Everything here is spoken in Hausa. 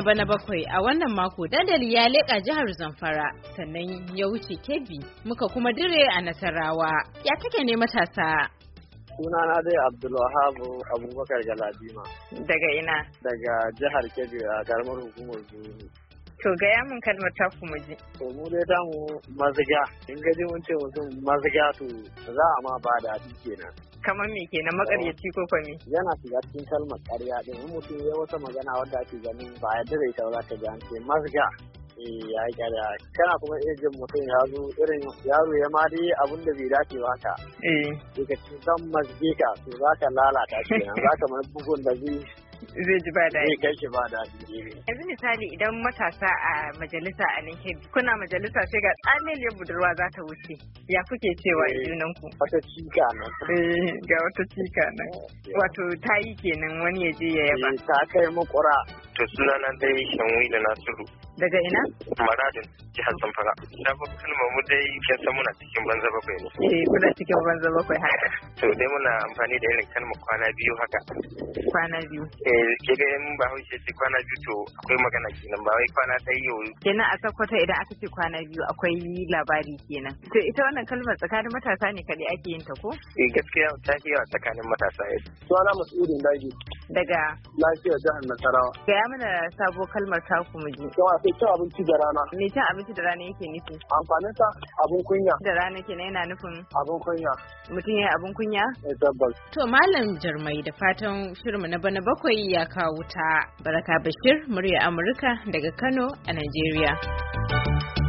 na bana bakwai a wannan mako dandali ya leƙa jihar Zamfara sannan ya wuce Kebbi muka kuma dire a Nasarawa. Ya take ne matasa? sunana dai abdulwahabu abubakar galadima daga ina daga jihar kebbi a karamar hukumar zuru to gaya mun kalmar ta kuma ji to mu dai ta mu maziga in gaji mun ce mutum maziga to za a ma ba daɗi kenan kamar me kenan makaryaci ko kwami yana shiga cikin kalmar ƙarya din in mutum ya wata magana wadda ake ganin ba yadda zai ta za ta ji ce masga eh, ya yi kana kuma iya jin mutum ya zo irin yaro ya ma dai abin da bai dace ba eh. ka eh daga cikin zan ka to za ka lalata kenan za ka mana bugun da zai zai ji ba daɗi. Zai kai ba daɗi. Eh. Yanzu misali idan matasa a majalisa a nan kuna majalisa sai ga tsameliyar budurwa za ta wuce ya kuke cewa eh, junan ku. Wata cika nan. Eh, ga wata cika nan. Wato ta yi kenan wani ya je ya yaba. Ta kai makura. to suna na dai da nasiru daga ina maradin jihar zamfara da ba kalma mu dai kin san muna cikin banza bakwai ne eh kuna cikin banza bakwai haka to dai muna amfani da irin kalma kwana biyu haka kwana biyu eh ke ga mun ba hauce ce kwana biyu to akwai magana kenan ba wai kwana ɗaya yau kenan a sakwata idan aka ce kwana biyu akwai labari kenan to ita wannan kalmar tsakanin matasa ne kadai ake yin ta ko eh gaskiya ta yawa tsakanin matasa yau suna mas'udin daji daga lafiya jihar Nasarawa. Gaya mana sabo kalmar taku mu ji. Yawa sai cin abinci da rana. Me cin abinci da rana yake nufi? Amfanin sa abin kunya. Da rana kenan yana nufin abin kunya. Mutum ya abin kunya? Eh tabbas. To malam Jarmai da fatan shirmu na bana bakwai ya kawo ta. Baraka Bashir, murya Amurka daga Kano a Najeriya.